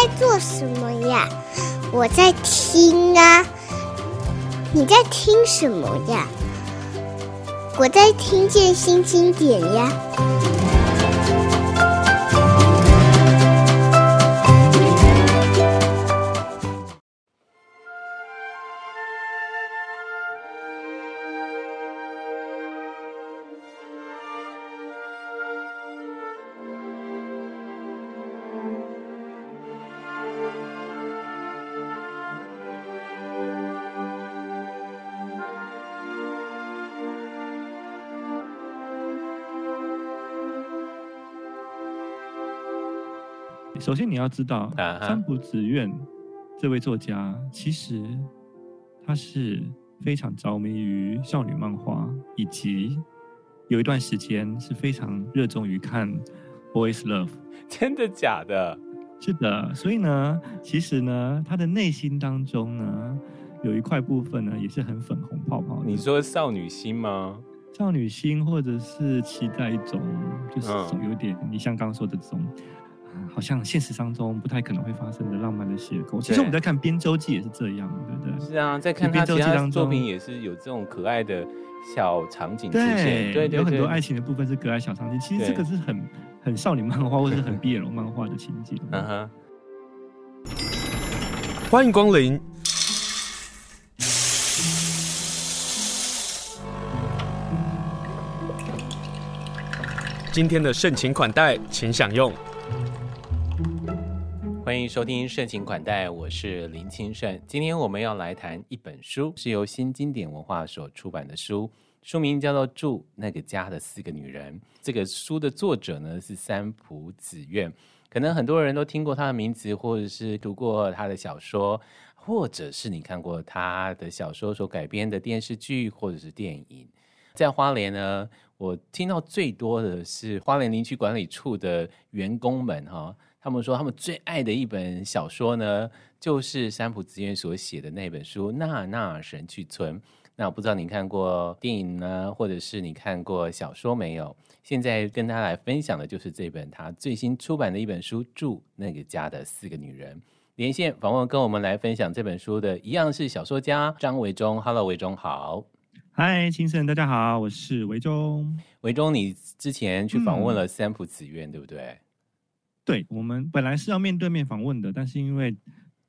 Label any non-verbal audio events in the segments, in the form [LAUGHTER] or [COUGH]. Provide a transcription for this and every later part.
你在做什麼呀？我在聽啊。你在聽什麼呀？我在聽見新經典呀。首先，你要知道，三浦紫苑這位作家，其實他是非常着迷於少女漫畫，以及有一段時間是非常熱衷於看 Boys Love。真的假的？是的。所以呢，其實呢，他的內心當中呢，有一塊部分呢，也是很粉紅泡泡。你說少女心嗎？少女心，或者是期待一種，就是有點，你像剛剛說的這種。Uh. 好像現實當中不太可能會發生的浪漫的邂逅。其實我們在看《編舟記》也是這樣，對不對？是啊，在看《編舟記》當中，作品也是有這種可愛的小場景出現，對對,對有很多愛情的部分是可愛的小場景。其實這個是很很少女漫畫或者是很 BL 漫畫的情節、 [LAUGHS] 啊。歡迎光臨、嗯，今天的盛情款待，請享用。歡迎收聽，盛情款待，我是林清盛。今天我們要來談一本書，是由新經典文化所出版的書，書名叫做《住那個家的四個女人》。這個書的作者呢是三浦紫苑，可能很多人都聽過他的名字，或者是讀過他的小說，或者是你看過他的小說所改編的電視劇或者是電影。在花蓮呢，我聽到最多的是花蓮林區管理處的員工們哈。他們說，他們最愛的一本小說呢，就是三浦紫苑所寫的那本書《哪啊哪啊神去村》。那我不知道你看過電影呢，或者是你看過小說沒有？現在跟他來分享的，就是這本他最新出版的一本書《住那個家的四個女人》。連線訪問，跟我們來分享這本書的一樣是小說家張維中。Hello，維中好。嗨，清盛，大家好，我是維中。維中，你之前去訪問了三浦紫苑，對不對？對，我們本來是要面對面訪問的，但是因為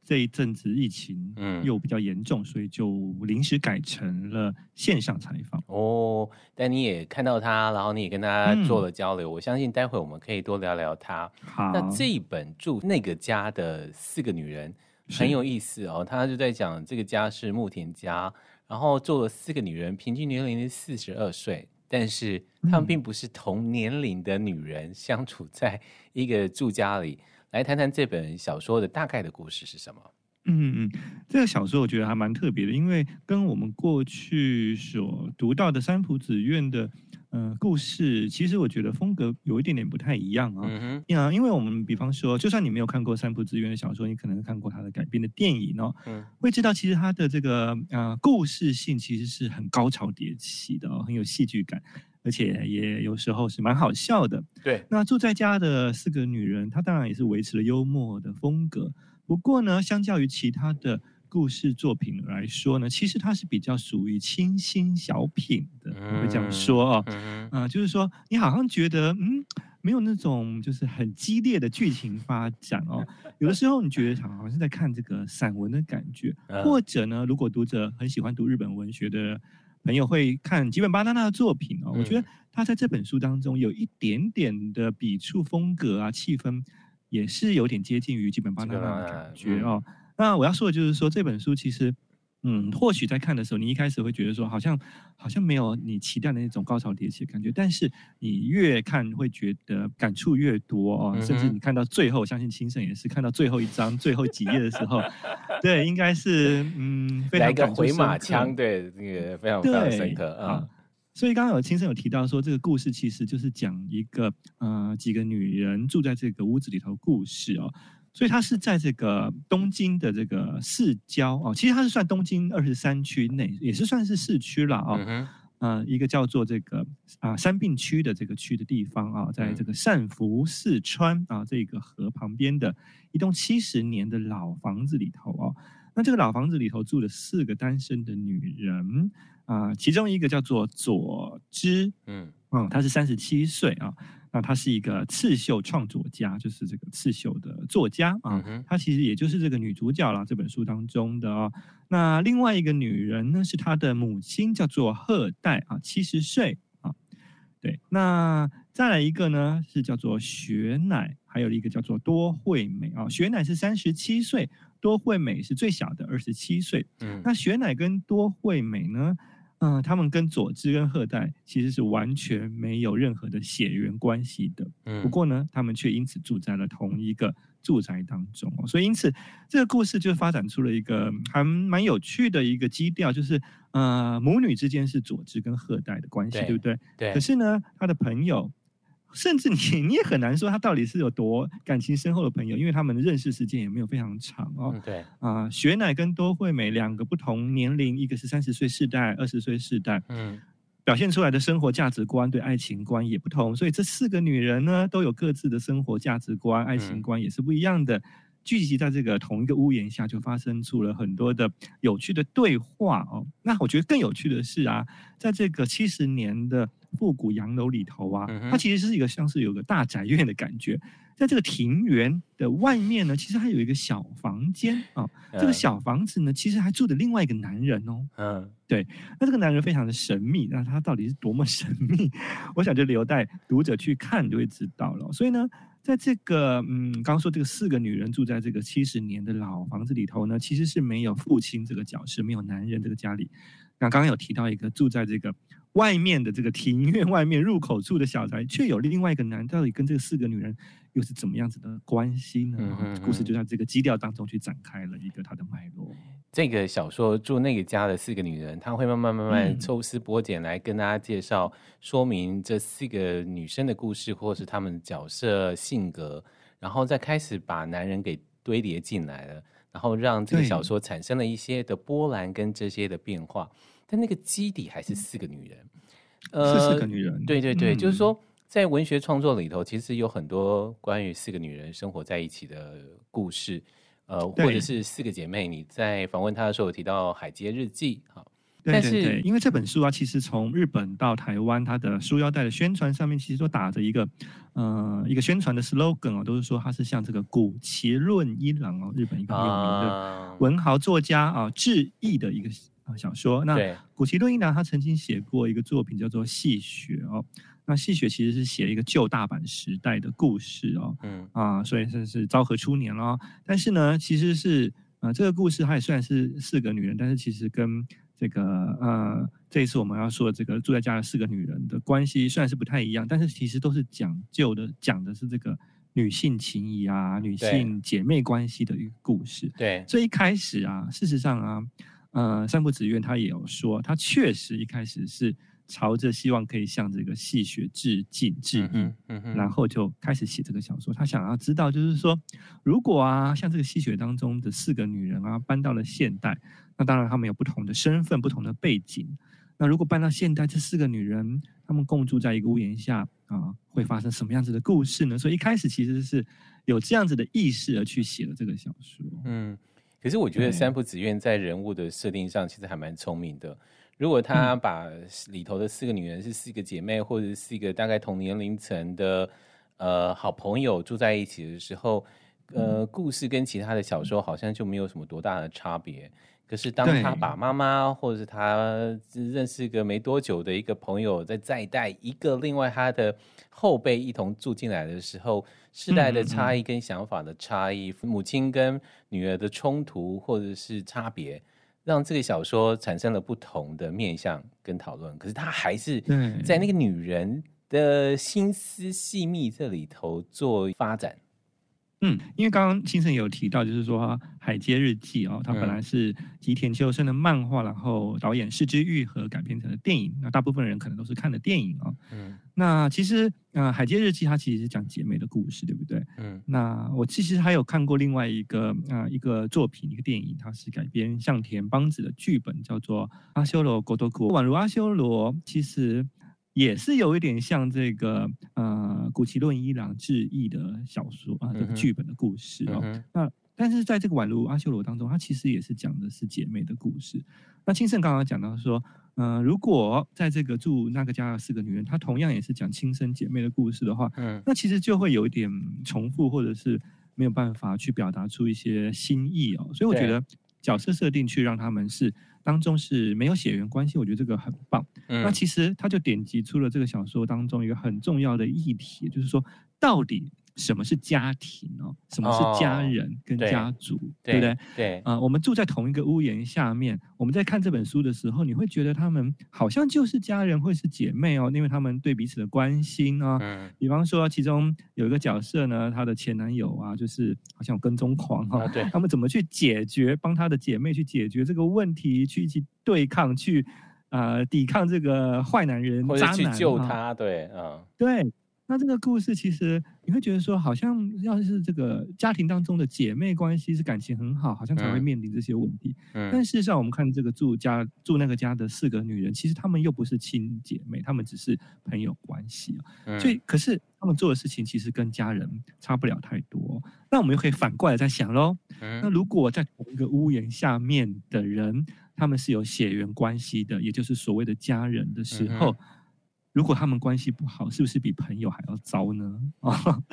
這一陣子疫情嗯又比較嚴重，嗯，所以就臨時改成了線上採訪哦。但你也看到他，然後你也跟他做了交流，嗯、我相信待會我們可以多聊聊他。好，那這一本住那個家的四個女人很有意思哦，他就在講這個家是牧田家，然後住了四個女人，平均年齡是四十二歲。但是她們並不是同年齡的女人，相處在一個住家裡，嗯。來談談這本小說的大概的故事是什麼？嗯嗯，這個小說我覺得還蠻特別的，因為跟我們過去所讀到的《三浦紫苑》的。嗯、呃，故事其實我覺得風格有一點點不太一樣啊、哦。嗯哼，因為我們比方說，就算你沒有看過三浦紫苑的小說，你可能看過他的改編的電影哦。嗯、會知道其實他的這個啊、呃，故事性其實是很高潮迭起的、哦，很有戲劇感，而且也有時候是蠻好笑的。對，那住在家的四個女人，她當然也是維持了幽默的風格。不過呢，相較於其他的。故事作品來說呢，其實它是比較屬於清新小品的，我、嗯、會這樣說哦。啊、嗯呃，就是說，你好像覺得，嗯，沒有那種就是很激烈的劇情發展哦。 [LAUGHS] 有的時候你覺得好像是在看這個散文的感覺、嗯，或者呢，如果讀者很喜歡讀日本文學的朋友會看吉本芭娜娜的作品哦。嗯、我覺得他在這本書當中有一點點的筆觸風格啊，氣氛也是有點接近於吉本芭娜娜的感覺哦。嗯嗯那我要說的就是說，這本書其實，嗯，或許在看的時候，你一開始會覺得說好像好像沒有你期待的那種高潮迭起的感覺，但是你越看會覺得感觸越多哦。嗯、甚至你看到最後，相信清盛也是看到最後一章 [LAUGHS] 最後幾頁的時候，對，應該是嗯 [LAUGHS] 非常，來一個回馬槍，對，那、這個非常非常深刻啊、嗯。所以剛剛有清盛有提到說，這個故事其實就是講一個嗯、呃，幾個女人住在這個屋子裡頭的故事哦。所以它是在這個東京的這個市郊、哦、其實它是算東京二十三區內，也是算是市區了啊、哦。嗯哼。啊，一個叫做這個啊、呃、杉並區的這個區的地方啊、哦，在這個善福寺川啊、呃、這個河旁邊的一棟七十年的老房子裡頭啊、哦，那這個老房子裡頭住了四個單身的女人啊、呃，其中一個叫做佐知。嗯、呃，嗯、哦，她是三十七歲啊。那她是一個刺繡創作家，就是這個刺繡的作家、Okay. 啊。她其實也就是這個女主角啦。這本書當中的、哦、那另外一個女人呢是她的母親，叫做赫代啊，七十歲啊。對，那再來一個呢是叫做雪乃，還有一個叫做多惠美啊。雪乃是三十七歲，多惠美是最小的，二十七歲。嗯，那雪乃跟多惠美呢？嗯、呃，他們跟佐治跟赫代其實是完全沒有任何的血緣關係的。嗯，不過呢，他們卻因此住在了同一個住宅當中。哦，所以因此這個故事就發展出了一個還蠻有趣的一個基調，就是呃，母女之間是佐治跟赫代的關係，對，對不對？對。可是呢，他的朋友。甚至你你也很難說他到底是有多感情深厚的朋友，因為他們的認識時間也沒有非常長哦。嗯、對啊，雪乃跟多惠美兩個不同年齡，一個是三十歲世代，二十歲世代，嗯，表現出來的生活價值觀、對愛情觀也不同，所以這四個女人呢，都有各自的生活價值觀、愛情觀也是不一樣的。嗯嗯聚集在這個同一個屋檐下，就發生出了很多的有趣的對話哦。那我覺得更有趣的是啊，在這個七十年的復古洋樓裡頭啊、嗯，它其實是一個像是有個大宅院的感覺。在這個庭園的外面呢，其實還有一個小房間啊、哦嗯。這個小房子呢，其實還住的另外一個男人哦。嗯，對。那這個男人非常的神秘，那他到底是多麼神秘？我想就留待讀者去看就會知道了。所以呢。那這個，嗯，剛剛說這個四個女人住在這個七十年的老房子裡頭呢，其實是沒有父親這個角色，沒有男人這個家裡。那剛剛有提到一個住在這個。外面的這個庭院，外面入口處的小宅，卻有另外一個男，到底跟這四個女人又是怎麼樣子的關係呢？嗯、哼哼，故事就在這個基調當中去展開了一個它的脈絡。這個小說住那個家的四個女人，她會慢慢慢慢抽絲剝繭、嗯、來跟大家介紹，說明這四個女生的故事，或是她們的角色性格，然後再開始把男人給堆疊進來了，然後讓這個小說產生了一些的波瀾跟這些的變化。但那個基底還是四個女人，呃，是四個女人，對對對、嗯，就是說，在文學創作裡頭，其實有很多關於四個女人生活在一起的故事，呃，或者是四個姐妹。你在訪問她的時候，有提到《海街日記》好，對對對，但是對對對，因為這本書啊，其實從日本到台灣，它的書腰帶的宣傳上面，其實都打着一個，呃，一個宣傳的 slogan 哦，都是說它是像這個谷崎潤一郎哦，日本一個有名的、啊、文豪作家啊，致、哦、意的一個。想說，那谷崎潤一郎，他曾經寫過一個作品叫做《細雪》哦，那《細雪》其實是寫一個舊大阪時代的故事哦，嗯啊，所以算是昭和初年了哦。但是呢，其實是呃這個故事它，也算是四個女人，但是其實跟這個呃這一次我們要說的這個住在家的四個女人的關係算是不太一樣，但是其實都是講究的，講的是這個女性情誼啊，女性姐妹關係的一個故事。對，所以一開始啊，事實上啊。呃，三浦紫苑他也有說，他確實一開始是朝着希望可以向這個細雪致敬致意，嗯嗯，然後就開始寫這個小說。他想要知道，就是說，如果啊，像這個細雪當中的四個女人啊，搬到了現代，那當然她們有不同的身份，不同的背景。那如果搬到現代，這四個女人她們共住在一個屋檐下啊，會發生什麼樣子的故事呢？所以一開始其實是有這樣子的意識而去寫了這個小說。嗯。可是我覺得《三浦紫苑》在人物的設定上其實還蠻聰明的。如果他把裡頭的四個女人是四個姐妹，嗯、或者是四個大概同年齡層的呃好朋友住在一起的時候，呃，故事跟其他的小說好像就沒有什麼多大的差別。可是，當他把媽媽，或者是他認識一個沒多久的一個朋友，在再帶一個另外他的後輩一同住進來的時候，世代的差異跟想法的差異，母親跟女兒的衝突或者是差別，讓這個小說產生了不同的面向跟討論。可是，他還是嗯在那個女人的心思細密這裡頭做發展。嗯，因為剛剛清盛有提到，就是說《海街日記》哦，它本來是吉田秋生的漫畫，嗯、然後導演是枝裕和改編成的電影。那大部分人可能都是看的電影啊、哦。嗯，那其實啊，呃《海街日記》它其實是講姐妹的故事，對不對？嗯，那我其實還有看過另外一個啊、呃、一個作品，一個電影，它是改編向田邦子的劇本，叫做《阿修羅國多國宛如阿修羅》，其實。也是有一點像這個呃古奇洛伊朗致意的小說啊，這個劇本的故事 uh -huh. Uh -huh. 哦。那但是在這個宛如阿修羅當中，它其實也是講的是姐妹的故事。那清盛剛剛講到說，呃，如果在這個住那個家的四個女人，她同樣也是講親生姐妹的故事的話，嗯、uh -huh.，那其實就會有一點重複，或者是沒有辦法去表達出一些新意哦。所以我覺得角色設定去讓他們是。當中是沒有血緣關係，我覺得這個很棒。嗯、那其實他就點擊出了這個小說當中一個很重要的議題，就是說到底。什麼是家庭？什麼是家人跟家族，對、哦、不對？對啊、呃，我們住在同一個屋檐下面。我們在看這本書的時候，你會覺得他們好像就是家人，或是姐妹哦，因為他們對彼此的關心啊、哦嗯。比方說，其中有一個角色呢，她的前男友啊，就是好像有跟蹤狂哈、哦啊。他們怎麼去解決？幫她的姐妹去解決這個問題，去一起對抗，去啊、呃，抵抗這個壞男人。或者去救他？對、呃、對。哦嗯那這個故事其實你會覺得說，好像要是這個家庭當中的姐妹關係是感情很好，好像才會面臨這些問題。嗯嗯、但事實上，我們看這個住家住那個家的四個女人，其實她們又不是親姐妹，她們只是朋友關係、嗯、所以可是她們做的事情其實跟家人差不了太多。那我們又可以反過來再想嘍、嗯。那如果在同一個屋檐下面的人，她們是有血緣關係的，也就是所謂的家人的時候。嗯嗯嗯如果他們關係不好，是不是比朋友還要糟呢？ [LAUGHS] 啊，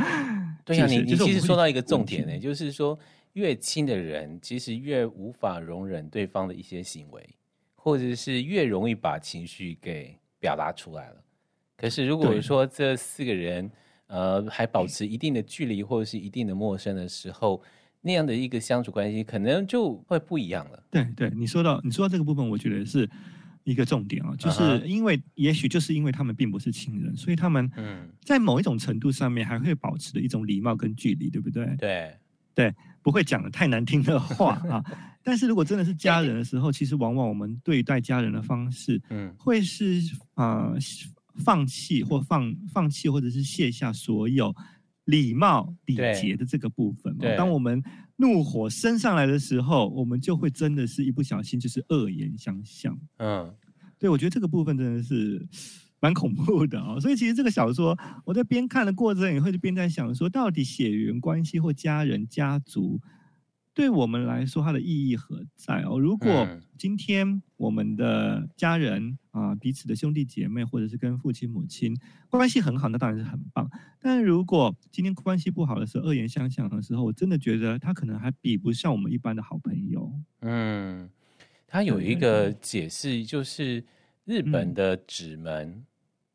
對呀，你你其實說到一個重點呢、欸，就是說，越親的人，其實越無法容忍對方的一些行為，或者是越容易把情緒給表達出來了。可是如果說，這四個人呃還保持一定的距離，或者是一定的陌生的時候，那樣的一個相處關係，可能就會不一樣了。對對，你說到你說到這個部分，我覺得是。一個重點啊，就是因為、uh -huh. 也許就是因為他們並不是親人，所以他們嗯，在某一種程度上面還會保持著一種禮貌跟距離，對不對？對對，不會講得太難聽的話啊。 [LAUGHS] 但是如果真的是家人的時候，其實往往我們對待家人的方式，嗯，會是啊、 [LAUGHS] 呃、放棄或放放棄或者是卸下所有禮貌禮節的這個部分。哦、當我們。怒火升上來的時候，我們就會真的是一不小心就是惡言相向。嗯，uh，對，我覺得這個部分真的是蠻恐怖的哦。所以其實這個小說我在邊看的過程，也會邊在想說，到底血緣關係或家人家族。對我們來說，它的意義何在哦？如果今天我們的家人、嗯、啊，彼此的兄弟姐妹，或者是跟父親母親關係很好，那當然是很棒。但如果今天關係不好的時候，惡言相向的時候，我真的覺得他可能還比不上我們一般的好朋友。嗯，他有一個解釋，就是日本的紙門、嗯，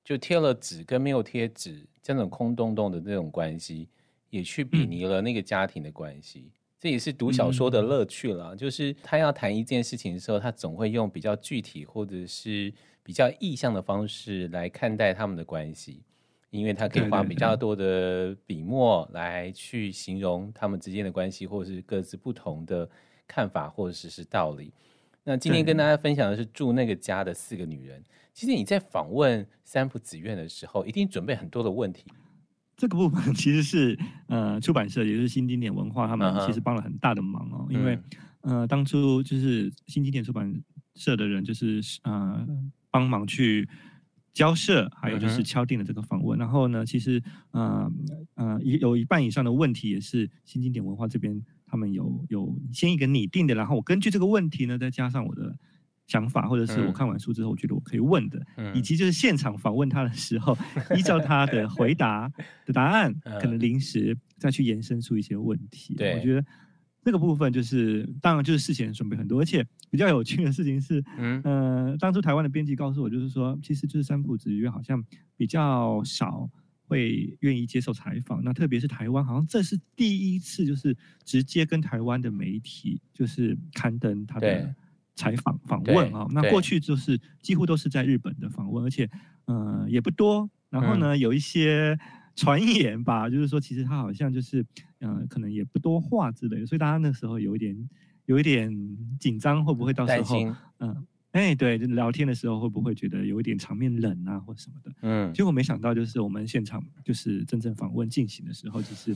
就貼了紙跟沒有貼紙，這種空洞洞的那種關係，也去比擬了那個家庭的關係。嗯嗯這也是讀小說的樂趣了。就是他要談一件事情的時候，他總會用比較具體或者是比較意象的方式來看待他們的關係，因為他可以花比較多的筆墨來去形容他們之間的關係，或者是各自不同的看法，或者是，是道理。那今天跟大家分享的是住那個家的四個女人。其實你在訪問三浦紫苑的時候，一定準備很多的問題。這個部分其實是，呃，出版社，也就是新經典文化，他們其實幫了很大的忙哦。Uh -huh. 因為，uh -huh. 呃，當初就是新經典出版社的人，就是呃，uh -huh. 幫忙去交涉，還有就是敲定了這個訪問。Uh -huh. 然後呢，其實，呃呃有有一半以上的問題也是新經典文化這邊他們有有先一個擬定的，然後我根據這個問題呢，再加上我的。想法，或者是我看完書之後我覺得我可以問的，嗯、以及就是現場訪問他的時候，依照他的回答的答案， [LAUGHS] 嗯、可能臨時再去延伸出一些問題。對，我覺得這個部分就是當然就是事前準備很多，而且比較有趣的事情是，嗯，呃、當初台灣的編輯告訴我，就是說，其實就是三浦紫苑好像比較少會願意接受採訪，那特別是台灣，好像這是第一次就是直接跟台灣的媒體就是刊登他的。採訪訪問啊、哦，那過去就是幾乎都是在日本的訪問，而且嗯、呃、也不多。然後呢、嗯，有一些傳言吧，就是說其實他好像就是嗯、呃、可能也不多話之類的，所以大家那時候有一點有一點緊張，會不會到時候嗯、呃、哎對，就聊天的時候會不會覺得有一點場面冷啊或什麼的？嗯，結果沒想到就是我們現場就是真正訪問進行的時候，就是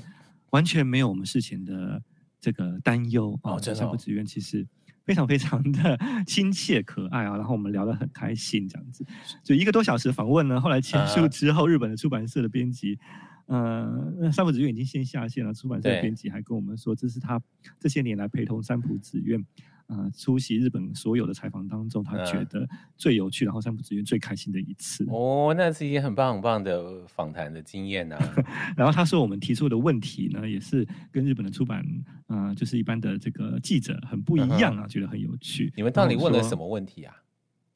完全沒有我們事前的這個擔憂啊，真、哦、三、哦、不只怨其實。非常非常的親切可愛啊，然後我們聊得很開心，這樣子，就一個多小時訪問呢。後來結束之後，日本的出版社的編輯，呃，三浦紫苑已經先下線了，出版社的編輯還跟我們說，這是他這些年來陪同三浦紫苑。嗯、呃，出席日本所有的採訪當中，他覺得最有趣，然後三浦紫苑最開心的一次。哦，那是一個很棒很棒的訪談的經驗呢、啊。 [LAUGHS] 然後他說，我們提出的問題呢，也是跟日本的出版，啊、呃，就是一般的這個記者很不一樣啊、嗯，覺得很有趣。你們到底問了什麼問題啊？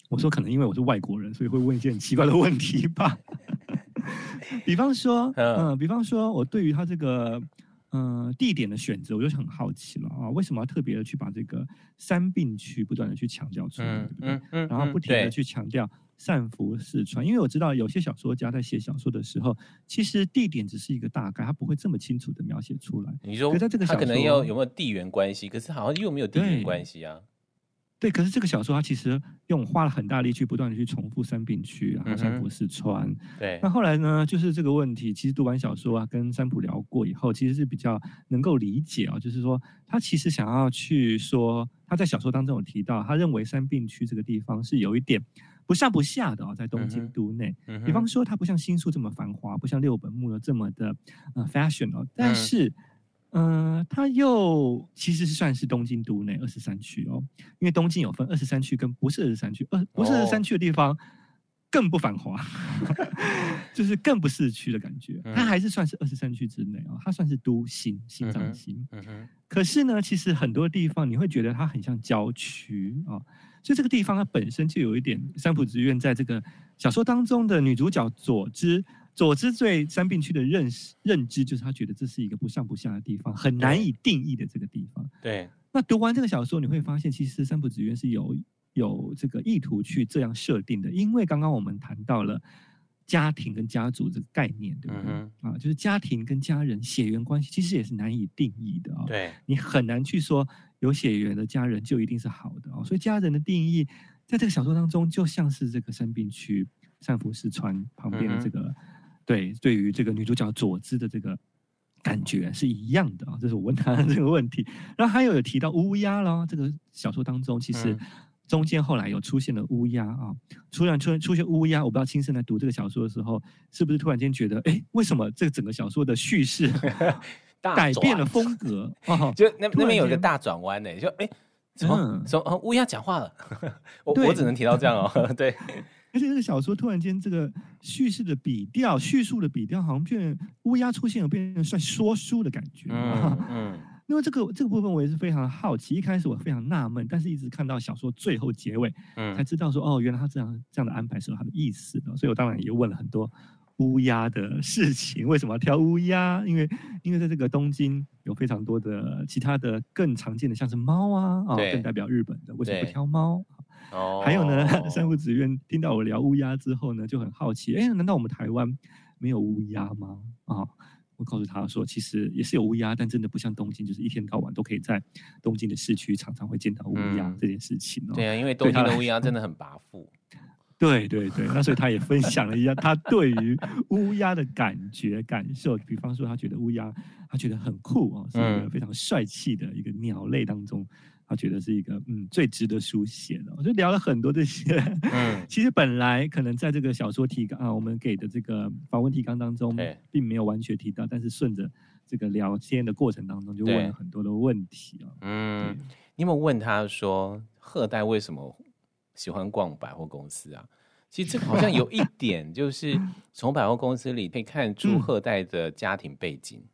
我說，嗯、我說可能因為我是外國人，所以會問一些很奇怪的問題吧。 [LAUGHS] 比方說，嗯，呃、比方說我對於他這個。嗯、呃，地點的選擇，我就很好奇了啊，為什麼要特別的去把這個杉並區不斷的去強調出來？嗯，對不對，嗯，嗯，然後不停的去強調善福寺川，因為我知道有些小說家在寫小說的時候，其實地點只是一個大概，他不會這麼清楚的描寫出來。你說他可能要，有沒有地緣關係？可是好像又沒有地緣關係啊。對，可是這個小說它其實用花了很大力去不斷的去重複杉並區啊、嗯，三浦紫苑。對，那後來呢，就是這個問題，其實讀完小說、啊、跟三浦聊過以後，其實是比較能夠理解啊、哦，就是說他其實想要去說，他在小說當中有提到，他認為杉並區這個地方是有一點不上不下的啊、哦，在東京都內、嗯嗯，比方說它不像新宿這麼繁華，不像六本木這麼的呃 fashion 哦，但是。嗯嗯、呃，它又其實是算是東京都內二十三區哦，因為東京有分二十三區跟不是二十三區，呃，不是二十三區的地方更不繁華，哦、 [LAUGHS] 就是更不市區的感覺。它、嗯、還是算是二十三區之內哦，它算是都心心臟的心、嗯嗯。可是呢，其實很多地方你會覺得它很像郊區啊、哦，所以這個地方它本身就有一點。三浦紫苑在這個小說當中的女主角佐知。作者對杉並區的認識認知，就是他覺得這是一個不上不下的地方，很難以定義的這個地方。對。對那讀完這個小說，你會發現，其實三浦紫苑是有有這個意圖去這樣設定的。因為剛剛我們談到了家庭跟家族這個概念，對不對？嗯、啊，就是家庭跟家人血緣關係，其實也是難以定義的啊、哦。對。你很難去說有血緣的家人就一定是好的啊、哦。所以家人的定義，在這個小說當中，就像是這個杉並區善福寺川旁邊的這個。嗯對，對於這個女主角佐之的這個感覺是一樣的啊、哦，這是我問她的這個問題。然後還有，有提到烏鴉了，這個小說當中其實中間後來有出現了烏鴉啊、哦，突然出出現烏鴉，我不知道親身來讀這個小說的時候，是不是突然間覺得，哎，為什麼這整個小說的敘事改變了風格？哦、就那那邊有一個大轉彎呢，就哎，怎麼說烏鴉講話了？ [LAUGHS] 我我只能提到這樣哦，對。而且這個小說突然間，這個敘事的筆調、敘述的筆調，好像變烏鴉出現有變得算說書的感覺。嗯，嗯、那麼這個這個部分我也是非常好奇，一開始我非常納悶，但是一直看到小說最後結尾，才知道說哦，原來他這樣這樣的安排是有他的意思的。所以我當然也問了很多烏鴉的事情，為什麼要挑烏鴉？因為因為在這個東京有非常多的其他的更常見的，像是貓啊啊、哦，更代表日本的，為什麼不挑貓？Oh, 還有呢，三、oh, 浦、oh, oh. 紫苑聽到我聊烏鴉之後呢，就很好奇，哎、欸，難道我們台灣沒有烏鴉嗎？啊、哦，我告訴他說，其實也是有烏鴉，但真的不像東京，就是一天到晚都可以在東京的市區常常會見到烏鴉、嗯、這件事情、哦、對啊，因為東京的烏鴉真的很跋扈。對對對，那所以他也分享了一下 [LAUGHS] 他對於烏鴉的感覺感受，比方說他覺得烏鴉，他覺得很酷啊、哦，是一個非常帥氣的一個鳥類當中。嗯他覺得是一個嗯最值得書寫的、哦，我就聊了很多這些。嗯，其實本來可能在這個小說提綱啊，我們給的這個訪問提綱當中，並沒有完全提到，但是順着這個聊天的過程當中，就問了很多的問題、哦、嗯，你有沒有問他說赫代為什麼喜歡逛百貨公司啊？其實這好像有一點，就是從百貨公司裡可以看出赫代的家庭背景。嗯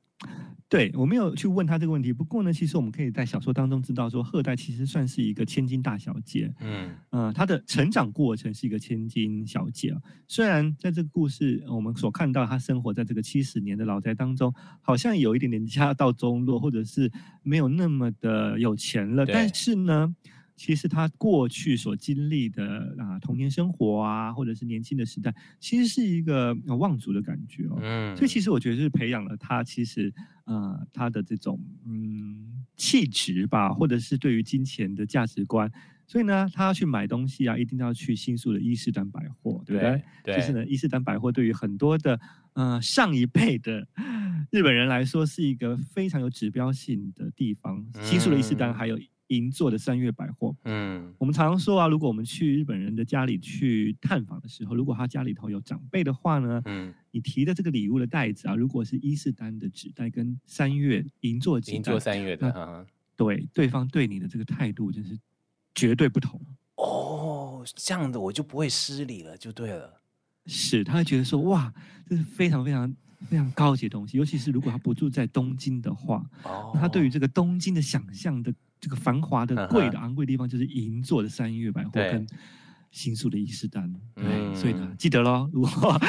對，我沒有去問他這個問題。不過呢，其實我們可以在小說當中知道說，說賀代其實算是一個千金大小姐。嗯，呃，她的成長過程是一個千金小姐。雖然在這個故事，我們所看到她生活在這個七十年的老宅當中，好像有一點點家道中落，或者是沒有那麼的有錢了。但是呢。其實他過去所經歷的啊，童年生活啊，或者是年輕的時代，其實是一個望族的感覺哦。嗯，所以其實我覺得是培養了他，其實啊、呃，他的這種嗯氣質吧，或者是對於金錢的價值觀。所以呢，他要去買東西啊，一定要去新宿的伊勢丹百貨，對不對？對。就是呢，伊勢丹百貨對於很多的呃上一輩的日本人來說，是一個非常有指標性的地方。嗯、新宿的伊勢丹還有銀座的三月百貨，嗯，我們常常說啊，如果我們去日本人的家裡去探訪的時候，如果他家裡頭有長輩的話呢，嗯，你提的這個禮物的袋子啊，如果是伊勢丹的紙袋跟三月銀座金座三月的啊，對，對方對你的這個態度就是絕對不同哦，這樣的我就不會失禮了，就對了，是，他會覺得說哇，這是非常非常非常高級的東西，尤其是如果他不住在東京的話，哦，他對於這個東京的想象的這個繁華的、貴的、昂貴的地方，就是銀座的三越百貨跟新宿的伊勢丹。對，對、嗯，所以呢，記得嘍。如果呵呵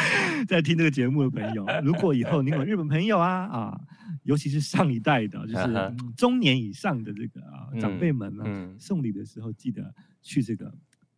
在聽這個節目的朋友， [LAUGHS] 如果以後你有日本朋友啊啊，尤其是上一代的，就是、嗯、中年以上的這個啊長輩們啊、嗯嗯，送禮的時候記得去這個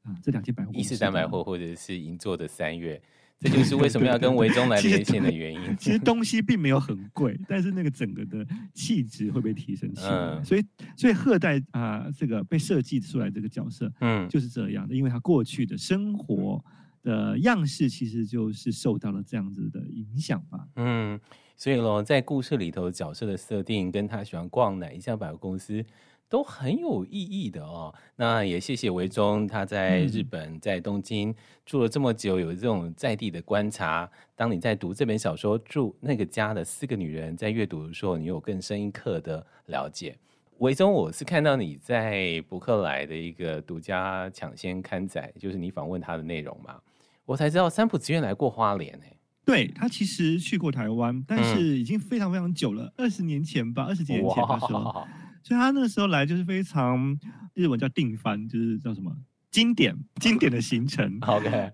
啊這兩家百貨——伊勢丹百貨或者是銀座的三越。這就是為什麼要跟維中來連線的原因。對對對對，其，其實東西並沒有很貴， [LAUGHS] 但是那個整個的氣質會被提升起來。嗯、所以，所以鶴代啊、呃，這個被設計出來的這個角色，嗯，就是這樣的、嗯，因為他過去的生活的樣式其實就是受到了這樣子的影響吧。嗯，所以呢，在故事裡頭，角色的設定跟他喜歡逛哪一家百貨公司，都很有意義的哦。那也謝謝維中，他在日本、嗯、在東京住了這麼久，有這種在地的觀察。當你在讀這本小說《住那個家的四個女人》在閱讀的時候，你有更深一刻的了解。維中，我是看到你在《博客來》的一個獨家搶先刊載，就是你訪問他的內容嘛，我才知道三浦紫苑來過花蓮、欸、對他其實去過台灣，但是已經非常非常久了，二、嗯、十年前吧，二十幾年前好好好，好。所以他那時候來就是非常，日文叫定番，就是叫什麼經典、經典的行程。 [LAUGHS] OK，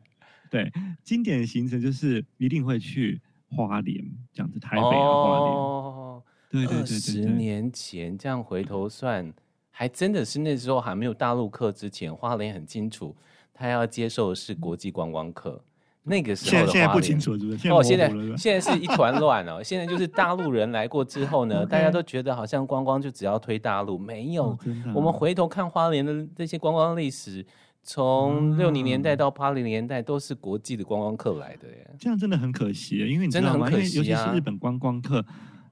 對，經典的行程就是一定會去花蓮這樣子，台北啊、花蓮。哦、oh，對，對對對對，十年前這樣回頭算，還真的是那時候還沒有大陸客之前，花蓮很清楚他要接受的是國際觀光客。那個時候，現在現在不清楚是不是？是不是哦，現在現在是一團亂哦。 [LAUGHS] 現在就是大陸人來過之後呢，okay. 大家都覺得好像觀光就只要推大陸，沒有、哦啊。我們回頭看花蓮的這些觀光歷史，從六零年代到八零年代，都是國際的觀光客來的耶、嗯。這樣真的很可惜，因為你真的很可惜、啊，尤其是日本觀光客，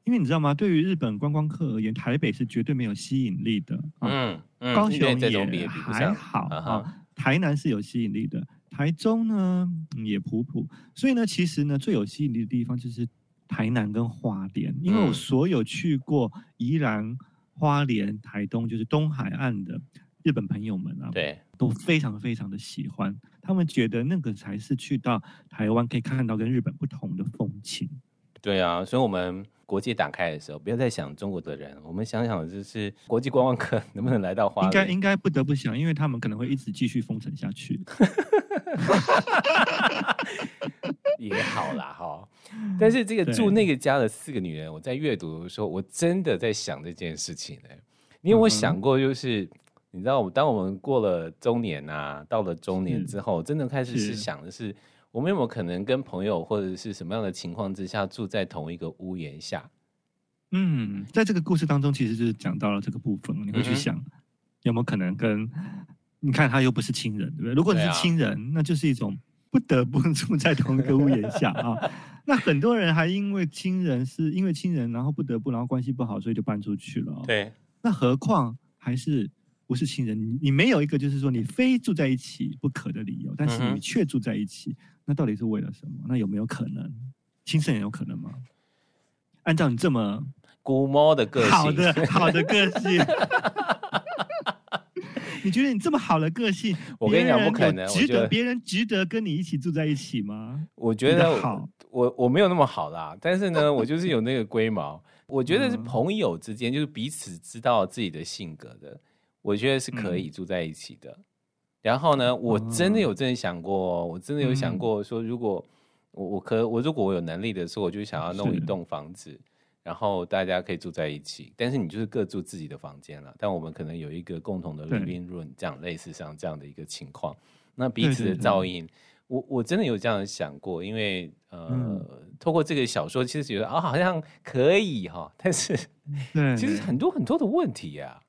因為你知道嗎？對於日本觀光客而言，台北是絕對沒有吸引力的。嗯，嗯高雄也還好嗯、啊。台南是有吸引力的。台中呢、嗯、也普普，所以呢，其實呢最有吸引力的地方就是台南跟花蓮，因為我所有去過宜蘭花蓮、台東，就是東海岸的日本朋友們啊，對，都非常非常的喜歡，他們覺得那個才是去到台灣可以看到跟日本不同的風情。對啊，所以，我們國際打開的時候，不要再想中國的人，我們想想就是國際觀光客能不能來到華？應該應該不得不想，因為他們可能會一直繼續封城下去。 [LAUGHS] [LAUGHS] [LAUGHS] [LAUGHS] 也好啦，哈，但是這個住那個家的四個女人，我在閱讀的時候，我真的在想這件事情呢、欸，因為我想過，就是、嗯、你知道，我當我們過了中年啊，到了中年之後，真的開始是想的是。是我們有沒有可能跟朋友或者是什麼樣的情況之下住在同一個屋檐下？嗯，在這個故事當中，其實就是講到了這個部分。你會去想、嗯、有沒有可能跟你看他又不是親人，對不對？如果你是親人、啊，那就是一種不得不住在同一個屋檐下 [LAUGHS] 啊。那很多人還因為親人，是因為親人，然後不得不，然後關係不好，所以就搬出去了。對，那何況還是不是親人？你，你沒有一個就是說你非住在一起不可的理由，但是你卻住在一起。嗯那到底是為了什麼？那有沒有可能親生也有可能嗎？按照你這麼龜毛的個性， [LAUGHS] 好的，好的個性， [LAUGHS] 你覺得你這麼好的個性，我跟你講不可能，值得別人值得跟你一起住在一起嗎？我覺得我好，我我沒有那麼好啦，但是呢，我就是有那個龜毛， [LAUGHS] 我覺得是朋友之間就是彼此知道自己的性格的，我覺得是可以住在一起的。嗯然後呢，我真的有這樣想過、哦哦，我真的有想過說，如果我我可我如果我有能力的時候，我就想要弄一棟房子，然後大家可以住在一起，但是你就是各住自己的房間了。但我們可能有一個共同的 living room，、嗯、這樣類似像這樣的一個情況。那彼此的噪音，對對對我我真的有這樣想過，因為呃、嗯，透過這個小說，其實覺得啊，好像可以哈、哦，但是對對其實很多很多的問題呀、啊。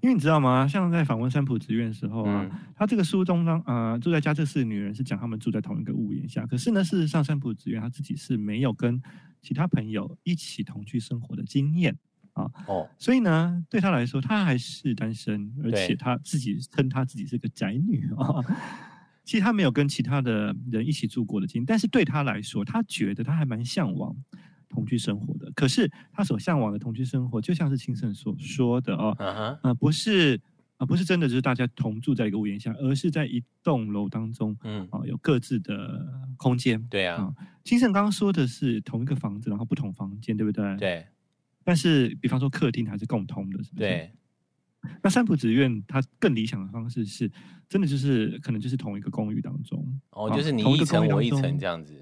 因為你知道嗎？像在訪問三浦紫苑的時候啊，嗯、他這個書中呢，啊、呃，住那個家的四個女人是講他們住在同一個屋檐下。可是呢，事實上三浦紫苑他自己是沒有跟其他朋友一起同居生活的經驗啊、哦。哦，所以呢，對他來說，他還是單身，而且他自己稱他自己是個宅女、哦、其實他沒有跟其他的人一起住過的經驗，但是對他來說，他覺得他還蠻向往同居生活的，可是他所嚮往的同居生活，就像是清盛所說的哦、uh -huh. 呃，不是，啊、呃，不是真的，就是大家同住在一個屋檐下，而是在一棟樓當中，嗯，啊、呃，有各自的空間。對啊，哦、清盛剛剛說的是同一個房子，然後不同房間，對不對？對。但是，比方說客廳還是共通的，是不是？對。那三浦紫苑，他更理想的方式是，真的就是可能就是同一個公寓當中，哦，就是你一層、哦、同一個公寓我一層這樣子。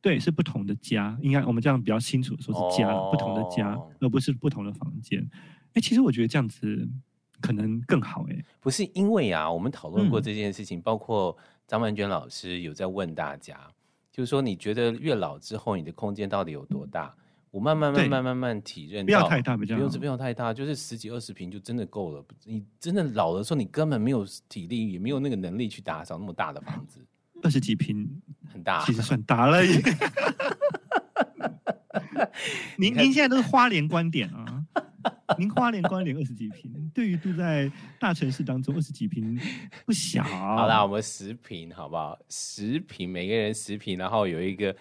對，是不同的家，應該我們這樣比較清楚，說是家、哦，不同的家，而不是不同的房間。其實我覺得這樣子可能更好。哎，不是因為啊，我們討論過這件事情、嗯，包括張曼娟老師有在問大家，就是說你覺得越老之後你的空間到底有多大？嗯、我慢慢慢慢慢慢體認，不要太大，不要太大，就是十幾二十平就真的夠了。你真的老的時候，你根本沒有體力，也沒有那個能力去打掃那麼大的房子。二十幾平。大其實算大了，您 [LAUGHS] [LAUGHS] 您現在都是花蓮觀點啊， [LAUGHS] 您花蓮觀點二十幾坪，對於住在大城市當中二十幾坪不小，啊。好啦，我們十坪好不好？十坪，每個人十坪，然後有一個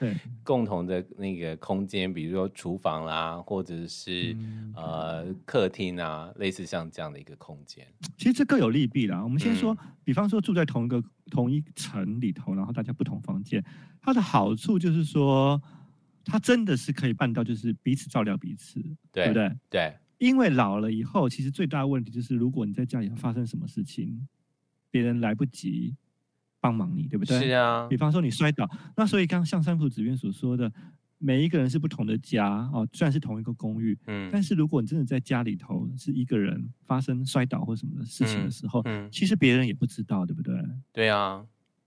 共同的那個空間，比如說廚房啦、啊，或者是，嗯、呃客廳啊，類似像這樣的一個空間。其實這各有利弊啦。我們先說，嗯，比方說住在同一個。同一層裡頭，然後大家不同房間，它的好處就是說，它真的是可以辦到，就是彼此照料彼此對，對不對？對，因為老了以後，其實最大的問題就是，如果你在家裡發生什麼事情，別人來不及幫忙你，對不對？是啊。比方說你摔倒，那所以剛剛像三浦紫苑所說的。每一個人是不同的家哦，雖然是同一個公寓，嗯，但是如果你真的在家裡頭是一個人發生摔倒或什麼的事情的時候，嗯，嗯，其實別人也不知道，對不對？對啊，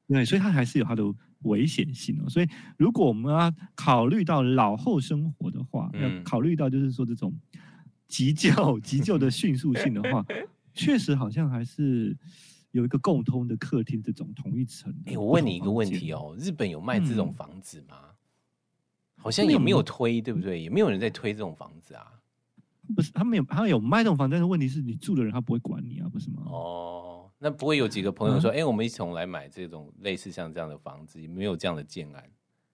對，所以它還是有它的危險性哦。所以如果我們要考慮到老後生活的話，嗯、要考慮到就是說這種急救急救的迅速性的話，確 [LAUGHS] 實好像還是有一個共通的客廳這種同一層。哎、欸，我問你一個問題哦，日本有賣這種房子嗎？嗯好像也沒有推，對，對不對？也沒有人在推這種房子啊。不是，他沒有，他有賣這種房子，但是問題是你住的人，他不會管你啊，不是嗎？哦，那不會有幾個朋友說，哎、嗯欸，我們一起來買這種類似像這樣的房子，也沒有這樣的建案。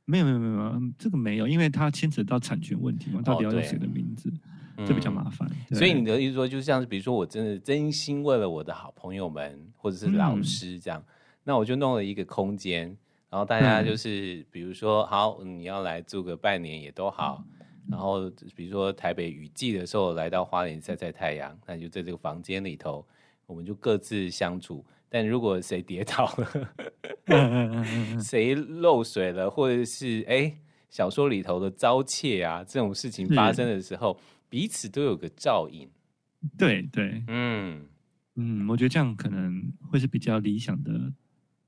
沒有，沒有，沒有，這個沒有，因為它牽扯到產權問題嘛，到底要用誰的名字，哦嗯，這比較麻煩。所以你的意思說，就像是比如說，我真的真心為了我的好朋友們或者是老師這樣，嗯，那我就弄了一個空間。然後大家就是，比如說、嗯，好，你要來住個半年也都好、嗯。然後比如說台北雨季的時候，來到花蓮曬晒太陽，那就在這個房間裡頭，我們就各自相處。但如果誰跌倒了，嗯、 [LAUGHS] 誰漏水了，或者是哎，小說裡頭的遭竊啊這種事情發生的時候，彼此都有個照應。對對，嗯嗯，我覺得這樣可能會是比較理想的。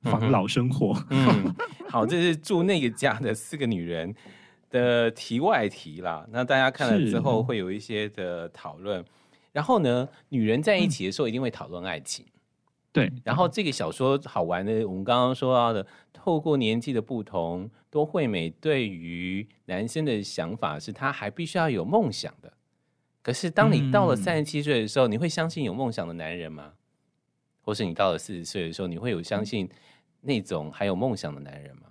防老生活嗯， [LAUGHS] 嗯，好，這是住那個家的四個女人的題外題啦。那大家看了之後會有一些的討論。然後呢，女人在一起的時候一定會討論愛情。嗯，對。然後這個小說好玩的，我們剛剛說到的，透過年紀的不同，多惠美對於男生的想法是，他還必須要有夢想的。可是當你到了三十七歲的時候，嗯，你會相信有夢想的男人嗎？或是你到了四十歲的時候，你會有相信，嗯？那種還有夢想的男人嗎？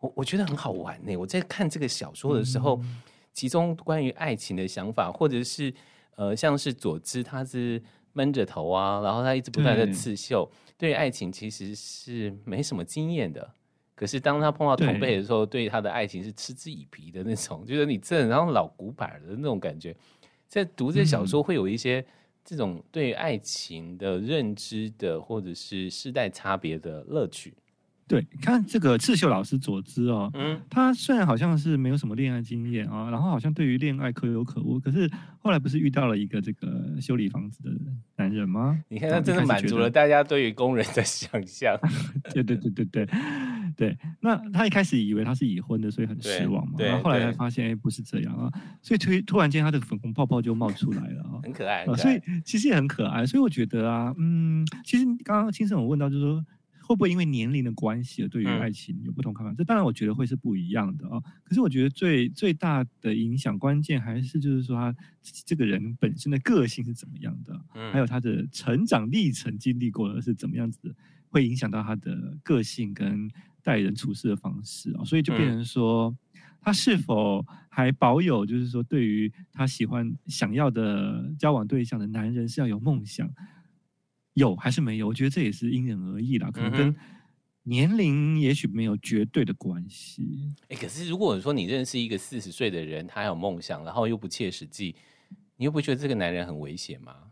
我我覺得很好玩呢、欸。我在看這個小說的時候，嗯嗯嗯其中關於愛情的想法，或者是呃，像是佐治，他是悶着頭啊，然後他一直不斷在刺繡，對，對於愛情其實是沒什麼經驗的。可是當他碰到同輩的時候，對，對於他的愛情是嗤之以鼻的那種，覺、就、得、是、你這人然後老古板的那種感覺，在讀這小說會有一些。嗯嗯這種對愛情的認知的，或者是世代差別的樂趣，對，看這個刺繡老師佐知哦，嗯，他雖然好像是沒有什麼戀愛經驗啊、哦，然後好像對於戀愛可有可無，可是後來不是遇到了一個這個修理房子的男人嗎？你看他真的滿足了大家對於工人的想象 [LAUGHS] 對對對對對。對，那他一開始以為他是已婚的，所以很失望嘛。然後後來才發現，哎、欸，不是這樣啊，所以突突然間他的粉紅泡泡就冒出來了啊，很可愛。啊、所以其實也很可愛，所以我覺得啊，嗯，其實剛剛清盛有問到，就是說會不會因為年齡的關係，對於愛情有不同看法、嗯，這當然我覺得會是不一樣的啊。可是我覺得最最大的影響關鍵還是就是說他這個人本身的個性是怎麼樣的，嗯、還有他的成長歷程經歷過了是怎麼樣子，會影響到他的個性跟待人處事的方式啊、喔，所以就變成說，他是否還保有，就是說對於他喜歡、想要的交往對象的男人是要有夢想，有還是沒有？我覺得這也是因人而異啦，可能跟年齡也許沒有絕對的關係、嗯。哎、欸，可是如果說你認識一個四十歲的人，他有夢想，然後又不切實際，你又不覺得這個男人很危險嗎？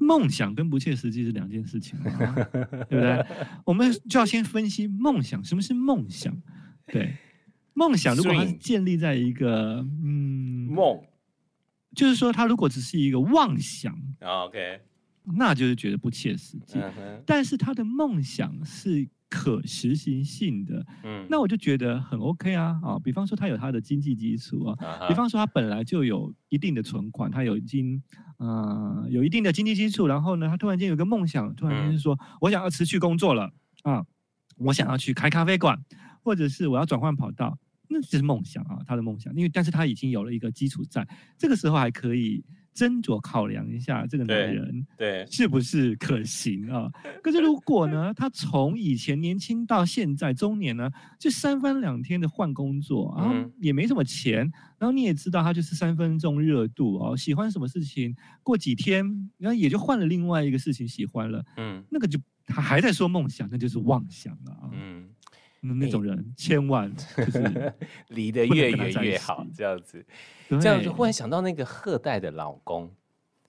夢想跟不切實際是兩件事情， [LAUGHS] 對不對？我們就要先分析夢想，什麼是夢想？對，夢想如果它是建立在一個、Swing. 嗯夢，就是說他如果只是一個妄想，oh,，OK，那就是覺得不切實際。Uh-huh. 但是他的夢想是。可實行性的，嗯，那我就覺得很 OK 啊啊，比方說他有他的經濟基礎啊，uh-huh. 比方說他本來就有一定的存款，他有經，嗯、呃，有一定的經濟基礎，然後呢，他突然間有個夢想，突然間就說，uh-huh. 我想要辭去工作了啊，我想要去開咖啡館，或者是我要轉換跑道，那就是夢想啊，他的夢想，因為但是他已經有了一個基礎在，在這個時候還可以。斟酌考量一下這個男人，對，是不是可行啊？可是如果呢，他從以前年輕到現在中年呢，就三番兩天的換工作，然後也沒什麼錢，然後你也知道他就是三分鐘熱度哦，喜歡什麼事情過幾天，然後也就換了另外一個事情喜歡了，嗯，那個就他還在說夢想，那就是妄想了，嗯。嗯、那種人、欸，千萬就是離 [LAUGHS] 得越遠越，越好這、欸，這樣子。這樣子忽然想到那個賀代的老公、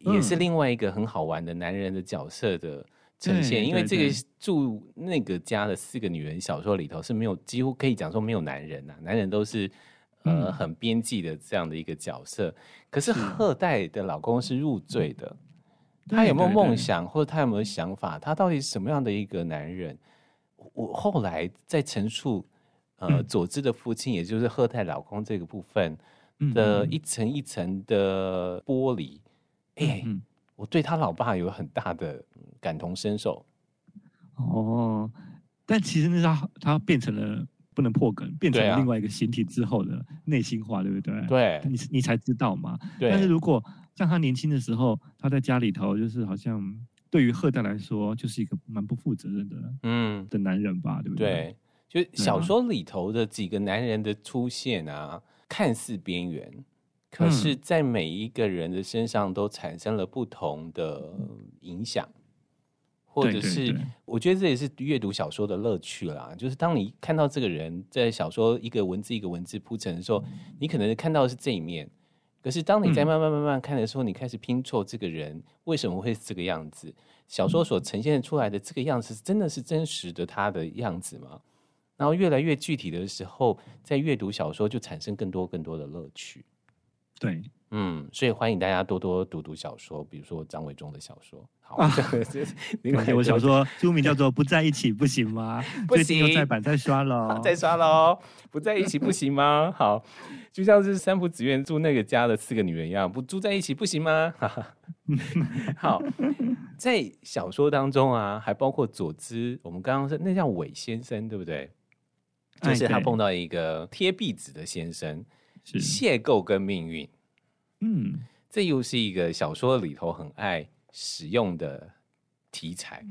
嗯，也是另外一個很好玩的男人的角色的呈現。因為這個對對對住那個家的四個女人小說裡頭是沒有幾乎可以講說沒有男人吶、啊，男人都是呃、嗯、很邊際的這樣的一個角色。可是賀代的老公是入贅的，他有沒有夢想對對對或者他有沒有想法？他到底是什麼樣的一個男人？我後來在陳述，呃，佐治的父親、嗯，也就是赫太老公這個部分，的一層一層的玻璃。哎、嗯欸嗯，我對他老爸有很大的感同身受。哦，但其實那時候他，他變成了不能破梗，變成了另外一個形體之後的內心話、啊，對不對？對，你你才知道嘛。但是如果像他年輕的時候，他在家裡頭，就是好像。對於鶴代來說，就是一個蠻不負責任的，嗯，的男人吧、嗯，對不對？對，就小說裡頭的幾個男人的出現啊，看似邊緣，可是，在每一個人的身上都產生了不同的影響，嗯、或者是對對對，我覺得這也是閱讀小說的樂趣啦。就是當你看到這個人，在小說一個文字一個文字鋪陳的時候，嗯、你可能看到的是這一面。可是，當你在慢慢慢慢看的時候，嗯，你開始拼湊這個人，為什麼會是這個樣子？小說所呈現出來的這個樣子，真的是真實的他的樣子嗎？然後越來越具體的時候，在閱讀小說就產生更多更多的樂趣。對。嗯，所以歡迎大家多多讀讀小說，比如說張維中的小說。好，明、啊、天、嗯、我小說書名叫做《不在一起不行嗎？》不行，再版再刷了，再刷了，啊。不在一起不行嗎？好，就像是三浦紫苑住那個家的四個女人一樣，不住在一起不行嗎？ [LAUGHS] 好，在小說當中啊，還包括左之，我們剛剛說那叫偉先生，對不對，哎、對？就是他碰到一個貼壁紙的先生，是，邂逅跟命運。嗯，這又是一個小說裡頭很愛使用的題材。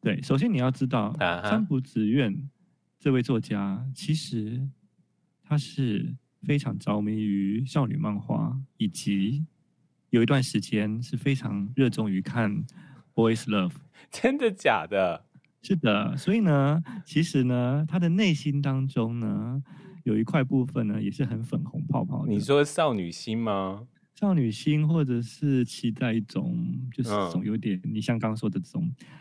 對，首先你要知道，uh-huh. 三浦紫苑這位作家其實他是非常着迷於少女漫畫，以及有一段時間是非常熱衷於看 Boys Love。真的假的？是的，所以呢，其實呢，他的內心當中呢，有一塊部分呢，也是很粉紅泡泡。你說少女心嗎？少女心，或者是期待一種，就是總有點，你像剛剛說的這種，嗯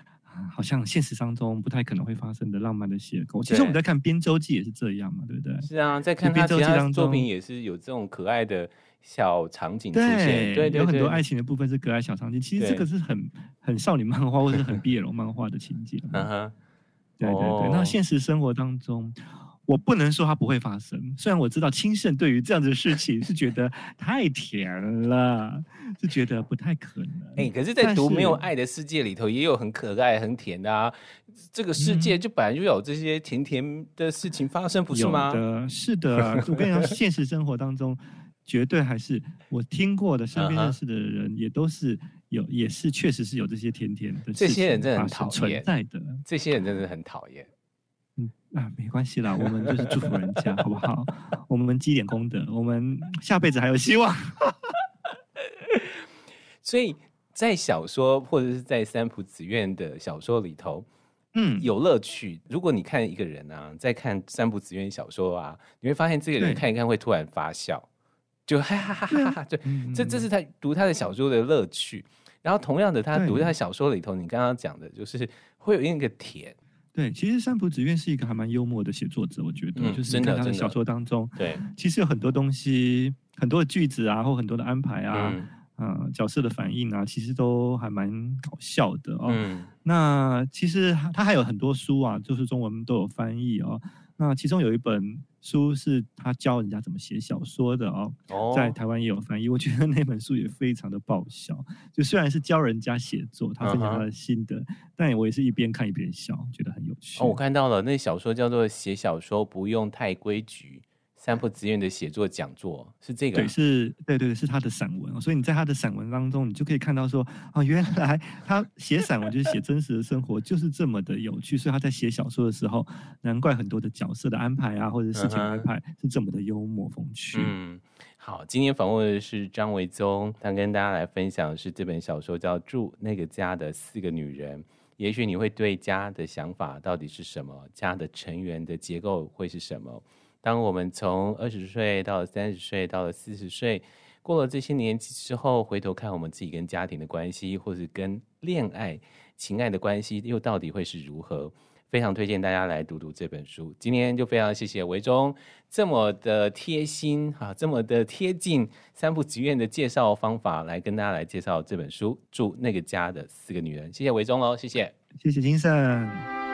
啊、好像現實當中，不太可能會發生的浪漫的邂逅。其實我們在看《編舟記》也是這樣嘛，對不對？是啊，在看《編舟記》當中，作品也是有這種可愛的小場景出現，對對對，有很多愛情的部分是可愛小場景。其實這個是很很少女漫畫，或是很 BL 漫畫的情節。 [LAUGHS] 嗯哼，對對對、哦，那現實生活當中。我不能說它不會發生，雖然我知道清盛對於這樣子的事情是覺得太甜了， [LAUGHS] 是覺得不太可能。哎、欸，可是，在讀沒有愛的世界裡頭，也有很可愛、很甜的、啊。這個世界就本來就有這些甜甜的事情發生，嗯、不是嗎？有的是的，我跟你說， [LAUGHS] 現實生活當中絕對還是我聽過的， [LAUGHS] 身邊認識的人也都是有，也是確實是有這些甜甜的事情。這些人真的很討厭。存在的，這些人真的很討厭。啊，沒關係啦，我們就是祝福人家，好不好？ [LAUGHS] 我們積點功德，我們下輩子還有希望。 [LAUGHS] [LAUGHS] 所以在小說或者是在三浦紫苑的小說裡頭，嗯，有樂趣。如果你看一個人啊，在看三浦紫苑小說啊，你會發現這個人看一看會突然發笑，嗯，就哈哈哈哈哈哈，嗯！這這是他讀他的小說的樂趣。然後同樣的他，他讀他的小說裡頭，你剛剛講的就是會有一個甜。對，其實三浦紫苑是一個還蠻幽默的寫作者，我覺得，嗯、就是在他的小說當中，對，其實有很多東西，很多的句子啊，或很多的安排啊，嗯，呃、角色的反應啊，其實都還蠻搞笑的哦、嗯。那其實他還有很多書啊，就是中文都有翻譯啊、哦。那其中有一本書是他教人家怎麼寫小說的哦，oh. 在台灣也有翻譯，我覺得那本書也非常的爆笑。就雖然是教人家寫作，他分享他的心得，uh-huh. 但我也是一邊看一邊笑，覺得很有趣。哦、oh，我看到了，那個小說叫做《寫小說不用太規矩》。三浦紫苑的寫作講座是這個、啊、對，是，對，對，是他的散文，所以你在他的散文當中，你就可以看到說，哦，原來他寫散文就是寫真實的生活， [LAUGHS] 就是這麼的有趣。所以他在寫小說的時候，難怪很多的角色的安排啊，或者事情安排是這麼的幽默風趣。嗯，好，今天訪問的是張維中，他跟大家來分享的是這本小說叫《住那個家的四個女人》。也許你會對家的想法到底是什麼，家的成員的結構會是什麼？當我們從二十歲到三十歲，到了四十歲，過了這些年之後，回頭看我們自己跟家庭的關係，或是跟戀愛、情愛的關係，又到底會是如何？非常推薦大家來讀讀這本書。今天就非常謝謝維中這麼的貼心啊，這麼的貼近三浦紫苑的介紹方法來跟大家來介紹這本書。住那個家的四個女人，謝謝維中嘍，謝謝，謝謝清盛。